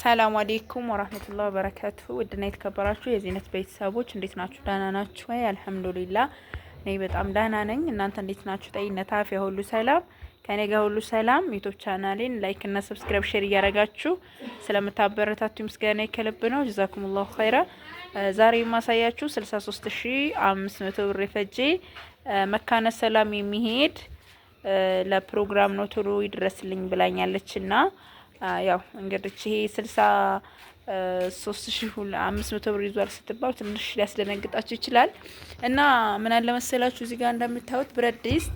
ሰላም አሌይኩም ወራህመቱላ ወበረካቱ። ውድና የተከበራችሁ የዚህነት ቤተሰቦች እንዴት ናችሁ? ዳና ናችሁ ወይ? አልሐምዱሊላ እኔ በጣም ዳና ነኝ። እናንተ እንዴት ናችሁ? ጠይነት አፍያ ሁሉ ሰላም ከኔ ጋር ሁሉ ሰላም። ዩቱብ ቻናሌን ላይክ እና ሰብስክራይብ ሼር እያደረጋችሁ ስለምታበረታቱ ምስጋና ከልብ ነው። ጀዛኩሙላሁ ኸይራ። ዛሬ የማሳያችሁ 63500 ብር የፈጀ መካነ ሰላም የሚሄድ ለፕሮግራም ነው። ቶሎ ይድረስልኝ ብላኛለች እና ያው እንግዲህ ይሄ ስልሳ ሶስት ሺህ አምስት መቶ ብር ይዟል ስትባል ትንሽ ሊያስደነግጣችሁ ይችላል። እና ምን አለ መሰላችሁ እዚህ ጋር እንደምታዩት ብረት ድስት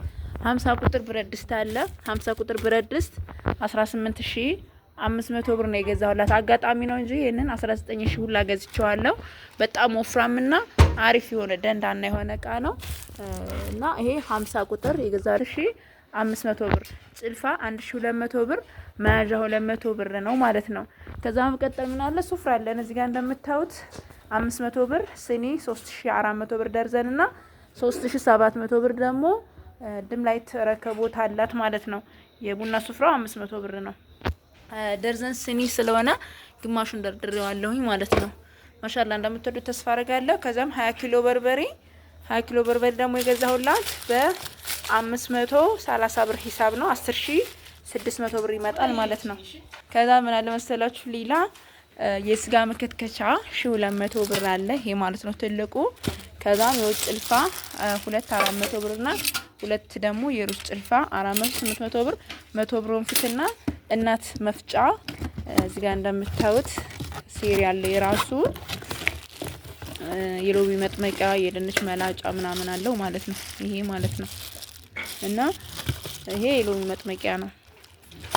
ሀምሳ ቁጥር ብረት ድስት አለ። ሀምሳ ቁጥር ብረት ድስት አስራ ስምንት ሺህ አምስት መቶ ብር ነው የገዛሁላት። አጋጣሚ ነው እንጂ ይህንን አስራ ዘጠኝ ሁላ ገዝቸዋለሁ። በጣም ወፍራምና አሪፍ የሆነ ደንዳና የሆነ እቃ ነው እና ይሄ ሀምሳ ቁጥር የገዛ ሺህ አምስት መቶ ብር ጭልፋ አንድ ሺ ሁለት መቶ ብር መያዣ ሁለት መቶ ብር ነው ማለት ነው። ከዛ መቀጠል ምን አለ ሱፍራ አለን እዚህ ጋር እንደምታዩት አምስት መቶ ብር ስኒ ሶስት ሺ አራት መቶ ብር ደርዘን እና ሶስት ሺ ሰባት መቶ ብር ደግሞ ድምላይት ረከቦት አላት ማለት ነው። የቡና ሱፍራው አምስት መቶ ብር ነው። ደርዘን ስኒ ስለሆነ ግማሹን ደርድሬዋለሁኝ ማለት ነው። ማሻላ እንደምትወዱት ተስፋ አረጋለሁ። ከዛም ሀያ ኪሎ በርበሬ ሀያ ኪሎ በርበሬ ደግሞ የገዛሁላት በ አምስት መቶ ሰላሳ ብር ሂሳብ ነው። አስር ሺ ስድስት መቶ ብር ይመጣል ማለት ነው። ከዛ ምን አለ መሰላችሁ ሌላ የስጋ መከትከቻ ሺ ሁለት መቶ ብር አለ። ይሄ ማለት ነው ትልቁ። ከዛም የውጭ ጭልፋ ሁለት አራት መቶ ብር ና ሁለት ደግሞ የሩስ ጭልፋ አራት መቶ ስምንት መቶ ብር መቶ ብር ወንፊትና እናት መፍጫ እዚጋ እንደምታዩት ሴር ያለ የራሱ የሎቢ መጥመቂያ የድንች መላጫ ምናምን አለው ማለት ነው። ይሄ ማለት ነው። እና ይሄ የሎሚ መጥመቂያ ነው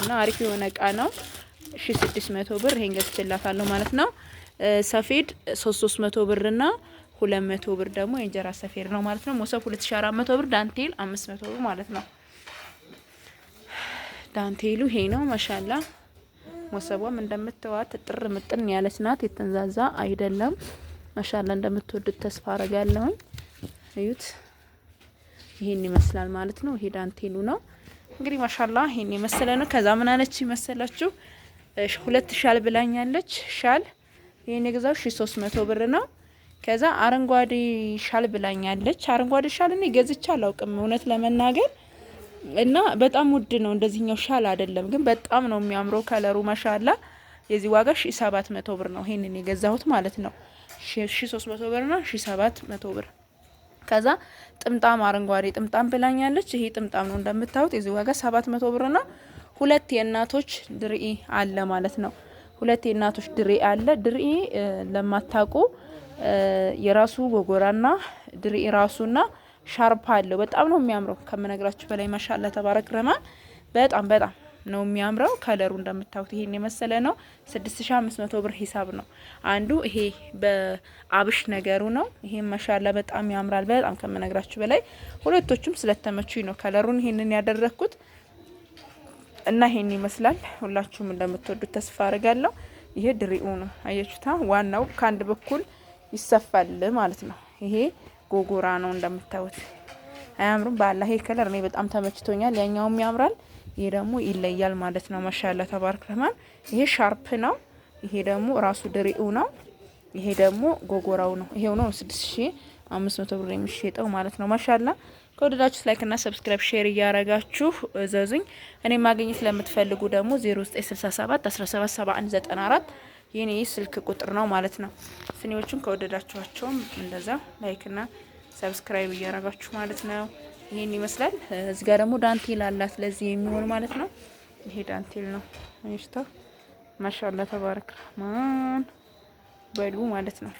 እና አሪፍ የሆነ እቃ ነው። ሺ ስድስት መቶ ብር ይሄን ገዝቼላታለሁ ማለት ነው። ሰፌድ ሶስት ሶስት መቶ ብር ና ሁለት መቶ ብር ደግሞ የእንጀራ ሰፌድ ነው ማለት ነው። ሞሰብ ሁለት ሺ አራት መቶ ብር ዳንቴል አምስት መቶ ብር ማለት ነው። ዳንቴሉ ይሄ ነው ማሻላ። ሞሰቧም እንደምትዋት ጥር ምጥን ያለች ናት፣ የተንዛዛ አይደለም። ማሻላ እንደምትወዱት ተስፋ አረጋለሁኝ። እዩት። ይሄን ይመስላል ማለት ነው። ይሄ ዳንቴሉ ነው እንግዲህ ማሻላ ይሄን የመሰለ ነው። ከዛ ምን አለች ይመስላችሁ? ሁለት ሻል ብላኛለች። ሻል ይሄን የገዛው ሺ ሶስት መቶ ብር ነው። ከዛ አረንጓዴ ሻል ብላኛለች። አረንጓዴ ሻል እኔ ገዝቼ አላውቅም እውነት ለመናገር እና በጣም ውድ ነው። እንደዚህኛው ሻል አይደለም ግን በጣም ነው የሚያምረው ከለሩ ማሻላ። የዚህ ዋጋ ሺ ሰባት መቶ ብር ነው። ይሄንን የገዛሁት ማለት ነው ሺ ሶስት መቶ ብር ና ሺ ሰባት መቶ ብር ከዛ ጥምጣም አረንጓዴ ጥምጣም ብላኛለች። ይሄ ጥምጣም ነው እንደምታዩት። የዚህ ዋጋ 700 ብር ነው። ሁለት የእናቶች ድርኢ አለ ማለት ነው። ሁለት የእናቶች ድርኢ አለ። ድርኢ ለማታውቁ የራሱ ጎጎራና ድርኢ ራሱና ሻርፓ አለው። በጣም ነው የሚያምረው ከምነግራችሁ በላይ ማሻላ ተባረክ ረማ በጣም በጣም ነው የሚያምረው። ከለሩ እንደምታዩት ይሄን የመሰለ ነው። 6500 ብር ሂሳብ ነው አንዱ። ይሄ በአብሽ ነገሩ ነው። ይሄን መሻላ በጣም ያምራል፣ በጣም ከምነግራችሁ በላይ ሁለቶቹም ስለተመቹኝ ነው ከለሩን ይሄንን ያደረኩት እና ይሄን ይመስላል። ሁላችሁም እንደምትወዱት ተስፋ አድርጋለሁ። ይሄ ድሪኡ ነው አየችሁታ። ዋናው ከአንድ በኩል ይሰፋል ማለት ነው። ይሄ ጎጎራ ነው እንደምታዩት አያምሩም? ባላ ይሄ ከለር እኔ በጣም ተመችቶኛል። ያኛውም ያምራል። ይሄ ደግሞ ይለያል ማለት ነው። ማሻአላ ተባረክ ረህማን። ይሄ ሻርፕ ነው። ይሄ ደግሞ ራሱ ድሪኡ ነው። ይሄ ደግሞ ጎጎራው ነው። ይሄው ነው 6500 ብር የሚሸጠው ማለት ነው። ከወደዳችሁ ላይክ እና ሰብስክራይብ ሼር እያረጋችሁ እዘዙኝ። እኔ ማግኘት ለምትፈልጉ ደግሞ 0967 177194 የኔ ስልክ ቁጥር ነው ማለት ነው። ስኒዎቹን ከወደዳችኋቸውም እንደዛ ላይክና ሰብስክራይብ እያረጋችሁ ማለት ነው። ይሄን ይመስላል። እዚህ ጋር ደግሞ ዳንቴል አላት ለዚህ የሚሆን ማለት ነው። ይሄ ዳንቴል ነው። ማሻአላ ተባረክ ረህማን በሉ ማለት ነው።